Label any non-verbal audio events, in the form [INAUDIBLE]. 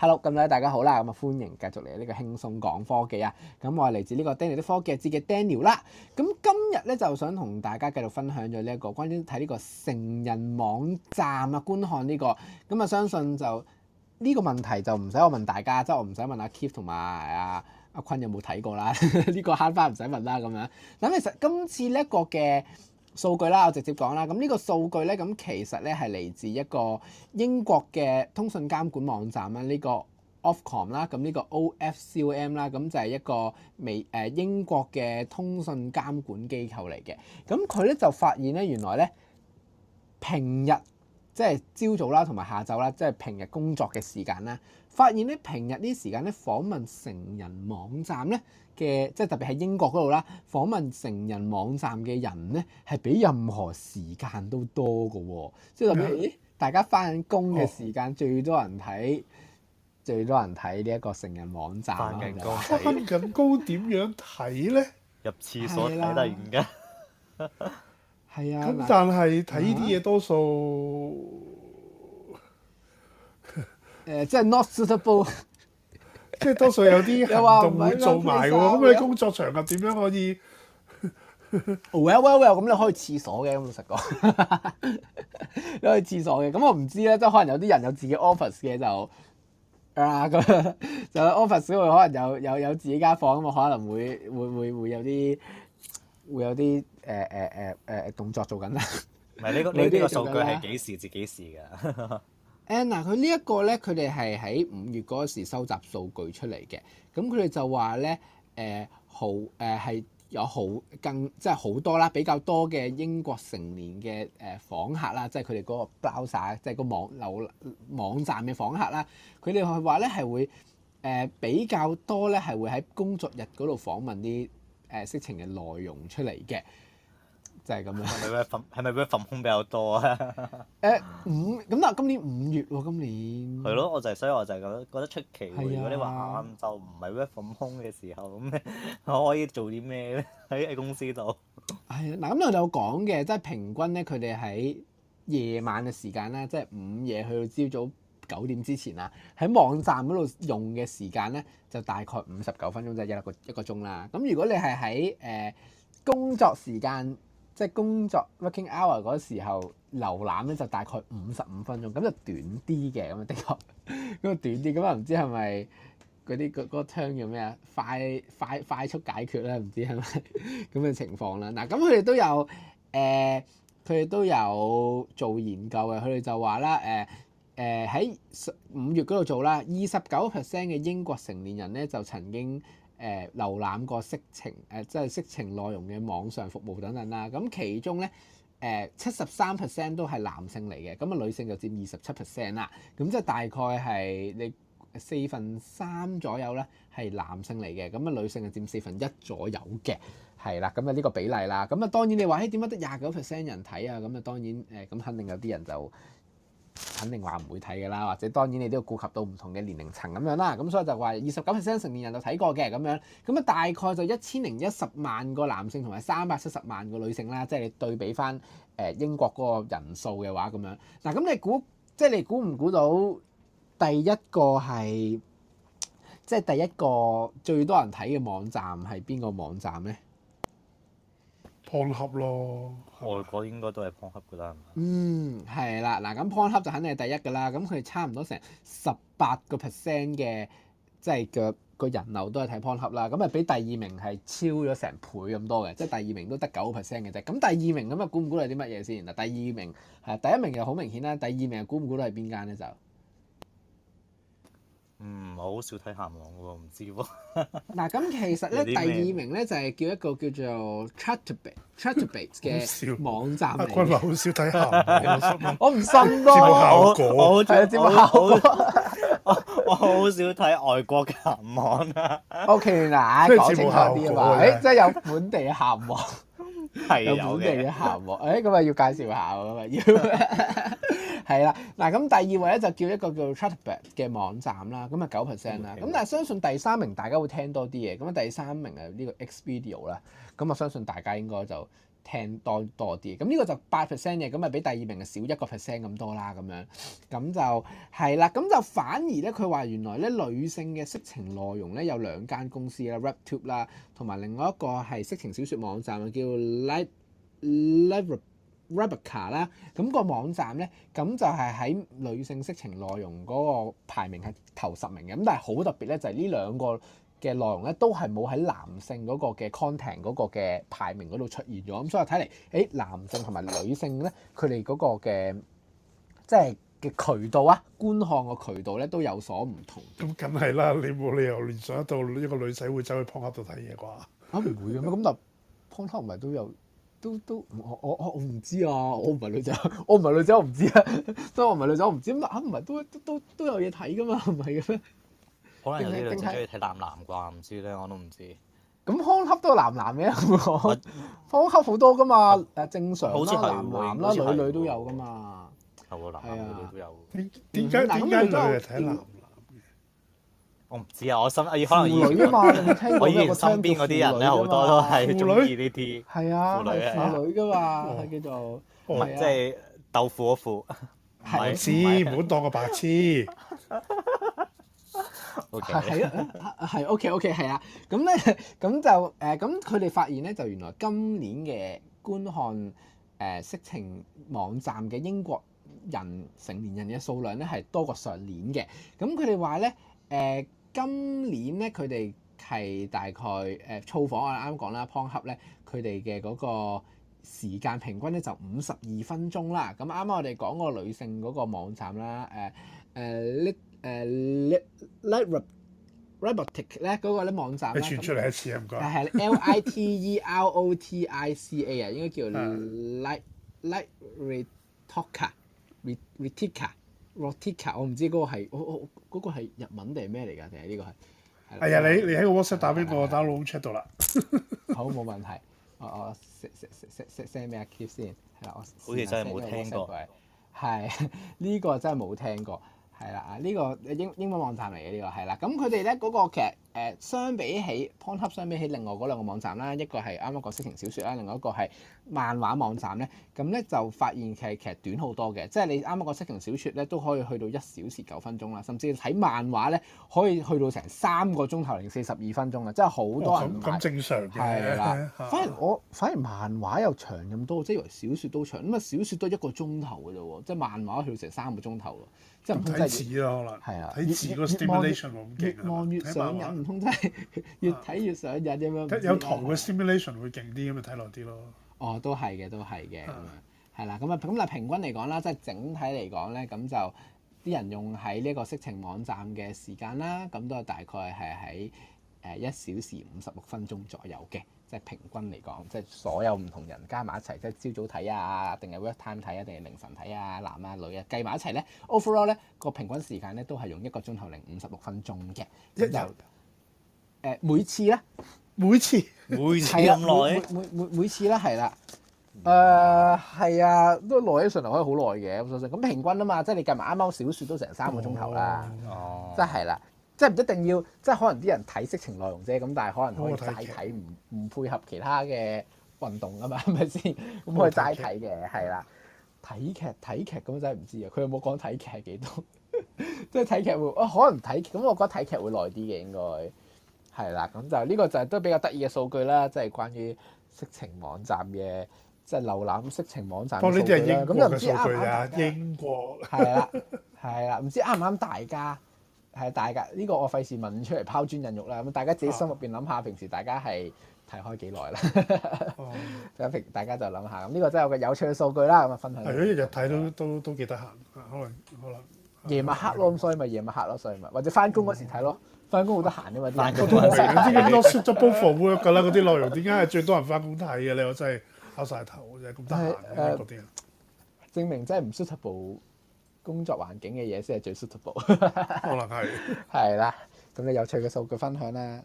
Hello，咁咧大家好啦，咁啊歡迎繼續嚟呢個輕鬆講科技啊。咁我係嚟自呢個 Daniel 啲科技節嘅 Daniel 啦。咁今日咧就想同大家繼續分享咗呢一個關於睇呢個成人網站啊，觀看呢個咁啊，相信就呢個問題就唔使我問大家，即係我唔使問阿 Keith 同埋阿阿坤有冇睇過啦。呢 [LAUGHS] 個慳返唔使問啦。咁樣，咁其實今次呢一個嘅。數據啦，我直接講啦。咁呢個數據呢，咁其實呢係嚟自一個英國嘅通訊監管網站啦，呢個 Ofcom 啦，咁呢個 Ofcom 啦，咁就係一個美誒英國嘅通訊監管機構嚟嘅。咁佢呢就發現呢，原來呢平日即係朝早啦，同埋下晝啦，即係平日工作嘅時間啦，發現咧平日啲時間咧訪問成人網站咧嘅，即係特別喺英國嗰度啦，訪問成人網站嘅人咧係比任何時間都多㗎喎，即係特別大家翻工嘅時間最多人睇，哦、最多人睇呢一個成人網站啦、啊。翻緊工點樣睇咧？入 [LAUGHS] 廁所睇，突然間。 [LAUGHS] 係啊，咁但係睇呢啲嘢多數誒、 [LAUGHS] 呃，即係 not suitable， [LAUGHS] 即係多數有啲行動會做埋嘅喎。咁 [LAUGHS] 你工作場合點樣可以 [LAUGHS] ？Well well well，咁你可以廁所嘅，咁老實講，我 [LAUGHS] 你可以廁所嘅。咁我唔知咧，即係可能有啲人有自己 office 嘅就啊咁 [LAUGHS] 就 office 會可能有有有自己間房咁嘛，可能會會會會有啲。會有啲誒誒誒誒動作做緊啦。 [LAUGHS] 唔係你你呢個數據係幾時至幾時㗎？Anna 佢呢一個咧，佢哋係喺五月嗰時收集數據出嚟嘅。咁佢哋就話咧誒好誒係、呃、有好更即係好多啦，比較多嘅英國成年嘅誒、呃、訪客啦，即係佢哋嗰個 browser 即係個網流網站嘅訪客啦。佢哋係話咧係會誒、呃、比較多咧係會喺工作日嗰度訪問啲。誒色情嘅內容出嚟嘅，就係、是、咁樣、啊。係咪粉係咪 work 粉空比較多啊？誒、 [LAUGHS] 呃、五咁，但今年五月喎、啊，今年係咯，我就係所以我就係覺得覺得出奇。啊、如果你話晏晝唔係 work 粉空嘅時候，咁咧我可以做啲咩咧？喺 [LAUGHS] 喺公司度係 [LAUGHS] [LAUGHS] 啊。嗱咁我哋有講嘅，即係平均咧，佢哋喺夜晚嘅時間咧，即係午夜去到朝早，九點之前啦，喺網站嗰度用嘅時間咧，就大概五十九分鐘，就一粒個一個鐘啦。咁如果你係喺誒工作時間，即係工作 working hour 嗰時候瀏覽咧，就大概五十五分鐘，咁就短啲嘅。咁啊，的確咁啊短啲。咁啊，唔知係咪嗰啲嗰嗰個 term 叫咩啊？快快快速解決咧，唔知係咪咁嘅情況啦。嗱，咁佢哋都有誒，佢哋都有做研究嘅。佢哋就話啦，誒、呃。誒喺五月嗰度做啦，二十九 percent 嘅英國成年人咧，就曾經誒瀏覽過色情誒即係色情內容嘅網上服務等等啦。咁其中咧誒七十三 percent 都係男性嚟嘅，咁啊女性就佔二十七 percent 啦。咁即係大概係你四分三左右咧係男性嚟嘅，咁啊女性就佔四分一左右嘅，係啦。咁啊呢個比例啦，咁啊當然你話誒點解得廿九 percent 人睇啊？咁啊當然誒咁肯定有啲人就。肯定話唔會睇嘅啦，或者當然你都要顧及到唔同嘅年齡層咁樣啦，咁所以就話二十九 percent 成年人就睇過嘅咁樣，咁啊大概就一千零一十萬個男性同埋三百七十萬個女性啦，即係你對比翻誒英國嗰個人數嘅話咁樣。嗱，咁、就是、你估即係你估唔估到第一個係即係第一個最多人睇嘅網站係邊個網站呢？Pornhub 咯，外國應該都係 Pornhub 噶啦，嗯，係啦。嗱，咁 Pornhub 就肯定係第一噶啦，咁佢差唔多成十八個 percent 嘅，即係嗰個人流都係睇 Pornhub 啦，咁啊俾第二名係超咗成倍咁多嘅，即係第二名都得九 percent 嘅啫。咁第二名咁啊估唔估到係啲乜嘢先嗱？第二名係第一名又好明顯啦，第二名估唔估到係邊間咧就？唔，我好少睇鹹網嘅喎，唔知喎。嗱，咁其實咧第二名咧就係叫一個叫做 Chaturbate 嘅網站名。阿君咪好少睇鹹網，我唔信咯。接駁效果，我好少睇外國鹹網啦。O K 嗱，講清楚啲啊嘛，誒，即係有本地鹹網，係有本地嘅鹹網。誒，咁啊要介紹下啊要。係啦，嗱咁第二位咧就叫一個叫 Chatbot 嘅網站啦，咁啊九 percent 啦，咁 Okay. 但係相信第三名大家會聽多啲嘢，咁啊第三名啊呢個 XVideos 啦，咁啊相信大家應該就聽多多啲，咁呢個就八 percent 嘅，咁啊比第二名少一個 percent 咁多啦，咁樣，咁就係啦，咁就反而咧佢話原來咧女性嘅色情內容咧有兩間公司啦 RedTube 啦，同埋另外一個係色情小說網站叫 LightLiver。Rebecca 啦，咁個網站咧，咁就係喺女性色情內容嗰個排名係頭十名嘅，咁但係好特別咧，就係、是、呢兩個嘅內容咧，都係冇喺男性嗰個嘅 content 嗰個嘅排名嗰度出現咗，咁所以睇嚟，誒、欸、男性同埋女性咧，佢哋嗰個嘅即係嘅渠道啊，觀看個渠道咧都有所唔同。咁梗係啦，你冇理由聯想得到一個女仔會走去 pornhub 度睇嘢啩？嚇唔、啊、會嘅咩？咁但 pornhub 唔係都有。都都我我我唔知啊！我唔係女仔，我唔係女仔，我唔知啊！真係我唔係女仔，我唔知。啊，唔係都都都有嘢睇噶嘛？唔係嘅咩？可能有啲女仔中意睇男男啩，唔知咧，我都唔知。咁方恰都有男男嘅，方恰好多噶嘛？誒，正常好似男男啦女女都有噶嘛？係喎，男男女女都有。點解男女嘅睇男？我唔知啊，我心，啊，可能以前我，女嘛，我以前身邊嗰啲人咧，好多都係中意呢啲，係啊，婦女、哦、㗎嘛，係叫做即係豆腐嗰副，唔知唔好當個白痴，係係啊，係 okay. OK OK 係啊，咁咧咁就誒，咁佢哋發現咧，就原來今年嘅觀看誒、呃、色情網站嘅英國人成年人嘅數量咧，係多過上年嘅，咁佢哋話咧誒。呃呃今年咧，佢哋係大概粗、呃、操房啊，啱講啦 Pornhub 咧，佢哋嘅嗰個時間平均咧就五十二分鐘啦。咁啱啱我哋講個女性嗰個網站啦，誒誒 lit 誒 lit robotic 咧嗰個咧網站咧，你傳出嚟一次啊唔該，係那 thank you. lite r o t i c a 啊， [LAUGHS] 應該叫 Literotica, Literotica。Rotica，我唔知嗰個係我我嗰個係日文定係咩嚟㗎？定係呢個係係啊！你你喺 WhatsApp 打邊個我，嗯、打老闆 Chat 度啦。好，冇問題。我我 send send send send send 俾阿 Kip 先係啦。我好似真係冇聽過。係呢、呢個真係冇聽過。係啦啊！呢、呢個英英文網站嚟嘅、呢個、呢個係啦。咁佢哋咧嗰個劇。誒相比起 Pornhub，相比起另外嗰兩個網站啦，一個係啱啱嗰色情小說啦，另外一個係漫畫網站咧，咁咧就發現其實其實短好多嘅，即係你啱啱嗰色情小說咧都可以去到一小時九分鐘啦，甚至睇漫畫咧可以去到成三個鐘頭零四十二分鐘啊，即係好多人唔咁、哦、正常嘅啦。反而我反而漫畫又長咁多，即係以為小説都長，咁啊小説都一個鐘頭嘅啫喎，即係漫畫去到成三個鐘頭喎，即係唔睇字咯可能係啊，睇字個 stimulation 我唔驚啊。真係越睇越上癮咁樣，有糖嘅 simulation 會勁啲，咁咪睇落啲咯。哦，都係嘅，都係嘅咁樣啦。咁啊、嗯，咁啊，平均嚟講啦，即係整體嚟講咧，咁就啲人用喺呢一個色情網站嘅時間啦，咁都係大概係喺誒一小時五十六分鐘左右嘅。即係平均嚟講，即係所有唔同人加埋一齊，即係朝早睇啊，定係 worktime 睇啊，定係凌晨睇啊，男啊女啊，計埋一齊咧，overall 咧個平均時間咧都係用一個鐘頭零五十六分鐘嘅，咁誒每次咧，每次每次咁耐， [LAUGHS] 每每每，每次咧係啦，誒係啊，都耐嘅上嚟可以好耐嘅咁相信，咁、嗯、平均啊嘛，即係你計埋啱啱小説都成三個鐘頭啦，即係啦，即係唔一定要，即係可能啲人睇色情內容啫，咁但係可能可以齋睇，唔唔配合其他嘅運動啊嘛，係咪先？咁 [LAUGHS] 可以齋睇嘅，係啦，睇劇睇劇咁真係唔知啊，佢有冇講睇劇幾多，多， [LAUGHS] 即係睇劇會啊，可能睇劇咁，我覺得睇劇會耐啲嘅應該。係啦，咁就呢個就都比較得意嘅數據啦，即係關於色情網站嘅，即係瀏覽色情網站嘅數啦。咁又唔知啱唔啱英國？係啦，係啦，唔知啱唔啱大家？係大家呢個我費事問出嚟拋磚引玉啦。咁大家自己心入邊諗下，平時大家係睇開幾耐啦？平大家就諗下，咁呢個真係有個有趣嘅數據啦。咁啊分享。係啊，日睇都都都幾得閒。可能可能夜晚黑咯，咁所以咪夜晚黑咯，所以咪或者返工嗰時睇咯。翻好得閒啊嘛，啊都我都明，啊、知咁多 [LAUGHS] suitable for work 噶啦，嗰啲內容點解係最多人返工睇嘅？你話真係拋晒頭，真係咁得閒嘅嗰啲，呃、些證明真係唔 suitable 工作環境嘅嘢先係最 suitable。 [LAUGHS] 可能係係 [LAUGHS] 啦，咁你有趣嘅數據分享啦。